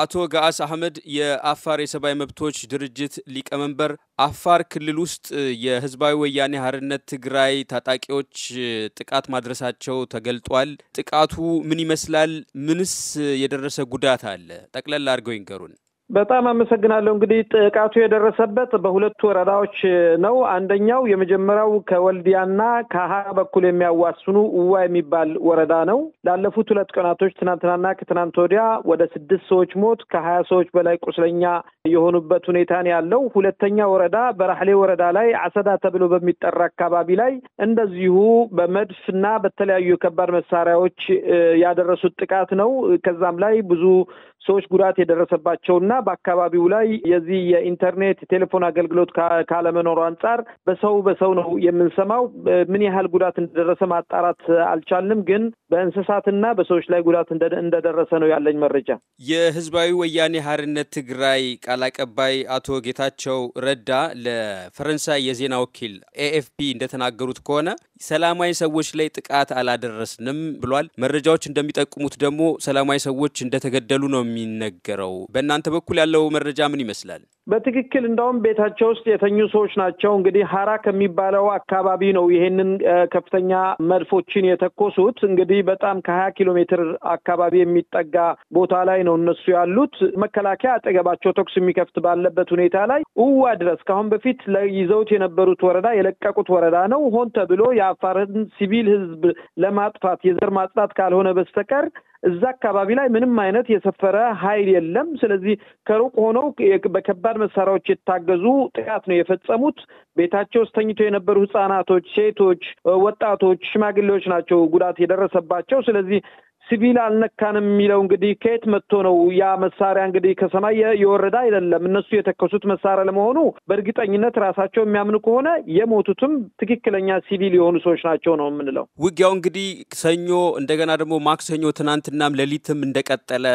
አቶ ገአስ አህመድ የአፋር የሰብአዊ መብቶች ድርጅት ሊቀመንበር፣ አፋር ክልል ውስጥ የህዝባዊ ወያኔ ሀርነት ትግራይ ታጣቂዎች ጥቃት ማድረሳቸው ተገልጧል። ጥቃቱ ምን ይመስላል? ምንስ የደረሰ ጉዳት አለ? ጠቅለል አድርገው ይንገሩን። በጣም አመሰግናለሁ። እንግዲህ ጥቃቱ የደረሰበት በሁለቱ ወረዳዎች ነው። አንደኛው የመጀመሪያው ከወልዲያና ከሀራ በኩል የሚያዋስኑ እዋ የሚባል ወረዳ ነው። ላለፉት ሁለት ቀናቶች ትናንትናና ከትናንት ወዲያ ወደ ስድስት ሰዎች ሞት ከሀያ ሰዎች በላይ ቁስለኛ የሆኑበት ሁኔታ ነው ያለው። ሁለተኛ ወረዳ በራህሌ ወረዳ ላይ አሰዳ ተብሎ በሚጠራ አካባቢ ላይ እንደዚሁ በመድፍ እና በተለያዩ የከባድ መሳሪያዎች ያደረሱት ጥቃት ነው። ከዛም ላይ ብዙ ሰዎች ጉዳት የደረሰባቸውና በአካባቢው ላይ የዚህ የኢንተርኔት ቴሌፎን አገልግሎት ካለመኖሩ አንጻር በሰው በሰው ነው የምንሰማው። ምን ያህል ጉዳት እንደደረሰ ማጣራት አልቻልንም። ግን በእንስሳትና በሰዎች ላይ ጉዳት እንደደረሰ ነው ያለኝ መረጃ። የህዝባዊ ወያኔ ሀርነት ትግራይ ቃል አቀባይ አቶ ጌታቸው ረዳ ለፈረንሳይ የዜና ወኪል ኤኤፍፒ እንደተናገሩት ከሆነ ሰላማዊ ሰዎች ላይ ጥቃት አላደረስንም ብሏል። መረጃዎች እንደሚጠቁሙት ደግሞ ሰላማዊ ሰዎች እንደተገደሉ ነው የሚነገረው። በእናንተ በኩል ያለው መረጃ ምን ይመስላል? በትክክል እንደውም ቤታቸው ውስጥ የተኙ ሰዎች ናቸው። እንግዲህ ሀራ ከሚባለው አካባቢ ነው ይሄንን ከፍተኛ መድፎችን የተኮሱት። እንግዲህ በጣም ከሀያ ኪሎ ሜትር አካባቢ የሚጠጋ ቦታ ላይ ነው እነሱ ያሉት። መከላከያ አጠገባቸው ተኩስ የሚከፍት ባለበት ሁኔታ ላይ እዋ ድረስ ከአሁን በፊት ይዘውት የነበሩት ወረዳ የለቀቁት ወረዳ ነው። ሆን ተብሎ የአፋርን ሲቪል ህዝብ ለማጥፋት የዘር ማጽዳት ካልሆነ በስተቀር እዛ አካባቢ ላይ ምንም አይነት የሰፈረ ኃይል የለም። ስለዚህ ከሩቅ ሆነው በከባድ መሳሪያዎች የታገዙ ጥቃት ነው የፈጸሙት። ቤታቸው ውስጥ ተኝተው የነበሩ ህጻናቶች፣ ሴቶች፣ ወጣቶች፣ ሽማግሌዎች ናቸው ጉዳት የደረሰባቸው። ስለዚህ ሲቪል አልነካንም የሚለው እንግዲህ ከየት መጥቶ ነው? ያ መሳሪያ እንግዲህ ከሰማይ የወረደ አይደለም። እነሱ የተከሱት መሳሪያ ለመሆኑ በእርግጠኝነት ራሳቸው የሚያምኑ ከሆነ የሞቱትም ትክክለኛ ሲቪል የሆኑ ሰዎች ናቸው ነው የምንለው። ውጊያው እንግዲህ ሰኞ፣ እንደገና ደግሞ ማክሰኞ፣ ትናንትናም ሌሊትም እንደቀጠለ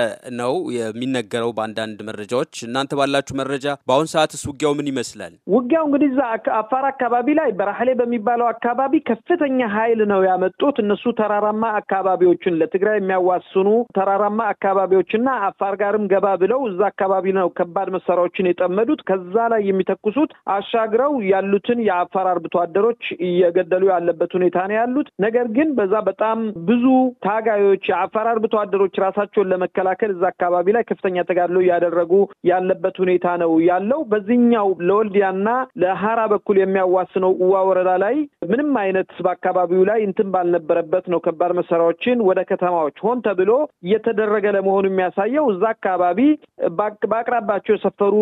ነው የሚነገረው በአንዳንድ መረጃዎች። እናንተ ባላችሁ መረጃ በአሁን ሰዓትስ ውጊያው ምን ይመስላል? ውጊያው እንግዲህ እዛ አፋር አካባቢ ላይ በራህሌ በሚባለው አካባቢ ከፍተኛ ኃይል ነው ያመጡት እነሱ ተራራማ አካባቢዎችን ለትግራይ የሚያዋስኑ ተራራማ አካባቢዎችና አፋር ጋርም ገባ ብለው እዛ አካባቢ ነው ከባድ መሳሪያዎችን የጠመዱት። ከዛ ላይ የሚተኩሱት አሻግረው ያሉትን የአፋር አርብቶ አደሮች እየገደሉ ያለበት ሁኔታ ነው ያሉት። ነገር ግን በዛ በጣም ብዙ ታጋዮች የአፋር አርብቶ አደሮች ራሳቸውን ለመከላከል እዛ አካባቢ ላይ ከፍተኛ ተጋድሎ እያደረጉ ያለበት ሁኔታ ነው ያለው። በዚህኛው ለወልዲያና ለሀራ በኩል የሚያዋስነው እዋ ወረዳ ላይ ምንም አይነት በአካባቢው ላይ እንትን ባልነበረበት ነው ከባድ መሳሪያዎችን ወደ ከተማዎች ሰዎች ሆን ተብሎ እየተደረገ ለመሆኑ የሚያሳየው እዛ አካባቢ በአቅራባቸው የሰፈሩ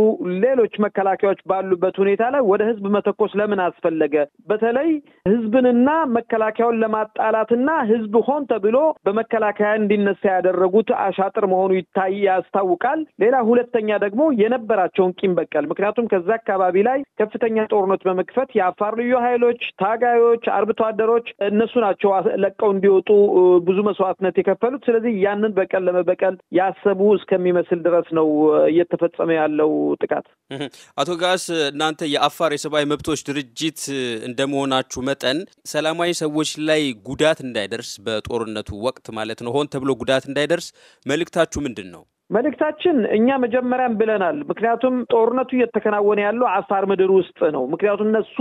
ሌሎች መከላከያዎች ባሉበት ሁኔታ ላይ ወደ ህዝብ መተኮስ ለምን አስፈለገ? በተለይ ህዝብንና መከላከያውን ለማጣላትና ህዝብ ሆን ተብሎ በመከላከያ እንዲነሳ ያደረጉት አሻጥር መሆኑ ይታይ ያስታውቃል። ሌላ ሁለተኛ ደግሞ የነበራቸውን ቂም በቀል ምክንያቱም ከዛ አካባቢ ላይ ከፍተኛ ጦርነት በመክፈት የአፋር ልዩ ኃይሎች፣ ታጋዮች፣ አርብቶ አደሮች እነሱ ናቸው ለቀው እንዲወጡ ብዙ መስዋዕትነት የከ የተከፈሉት። ስለዚህ ያንን በቀል ለመበቀል ያሰቡ እስከሚመስል ድረስ ነው እየተፈጸመ ያለው ጥቃት። አቶ ጋስ እናንተ የአፋር የሰብአዊ መብቶች ድርጅት እንደመሆናችሁ መጠን ሰላማዊ ሰዎች ላይ ጉዳት እንዳይደርስ በጦርነቱ ወቅት ማለት ነው፣ ሆን ተብሎ ጉዳት እንዳይደርስ መልእክታችሁ ምንድን ነው? መልእክታችን እኛ መጀመሪያም ብለናል። ምክንያቱም ጦርነቱ እየተከናወነ ያለው አፋር ምድር ውስጥ ነው። ምክንያቱም እነሱ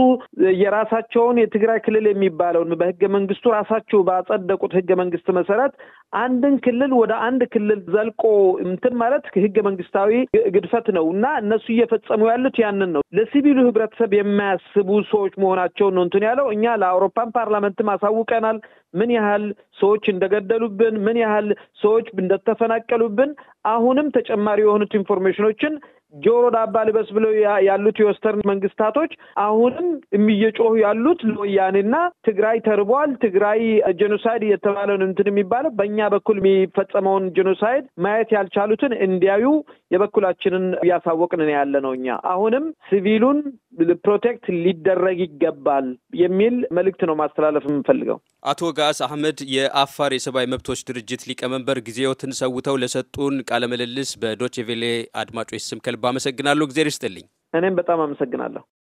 የራሳቸውን የትግራይ ክልል የሚባለውን በህገ መንግስቱ ራሳቸው ባጸደቁት ህገ መንግስት መሰረት አንድን ክልል ወደ አንድ ክልል ዘልቆ እንትን ማለት ህገ መንግስታዊ ግድፈት ነው እና እነሱ እየፈጸሙ ያሉት ያንን ነው። ለሲቪሉ ህብረተሰብ የማያስቡ ሰዎች መሆናቸውን ነው እንትን ያለው። እኛ ለአውሮፓን ፓርላመንትም አሳውቀናል። ምን ያህል ሰዎች እንደገደሉብን፣ ምን ያህል ሰዎች እንደተፈናቀሉብን አሁንም ተጨማሪ የሆኑት ኢንፎርሜሽኖችን ጆሮ ዳባ ልበስ ብለው ያሉት የወስተርን መንግስታቶች አሁንም የሚየጮሁ ያሉት ለወያኔና ትግራይ ተርቧል፣ ትግራይ ጄኖሳይድ እየተባለውን እንትን የሚባለው በእኛ በኩል የሚፈጸመውን ጄኖሳይድ ማየት ያልቻሉትን እንዲያዩ የበኩላችንን እያሳወቅን ያለ ነው። እኛ አሁንም ሲቪሉን ፕሮቴክት ሊደረግ ይገባል የሚል መልእክት ነው ማስተላለፍ የምንፈልገው። አቶ ጋስ አህመድ የአፋር የሰብአዊ መብቶች ድርጅት ሊቀመንበር ጊዜዎትን ሰውተው ለሰጡን ቃለ ምልልስ በዶቼ አድማጮች ስም ከልብ አመሰግናለሁ። እግዜር ይስጥልኝ። እኔም በጣም አመሰግናለሁ።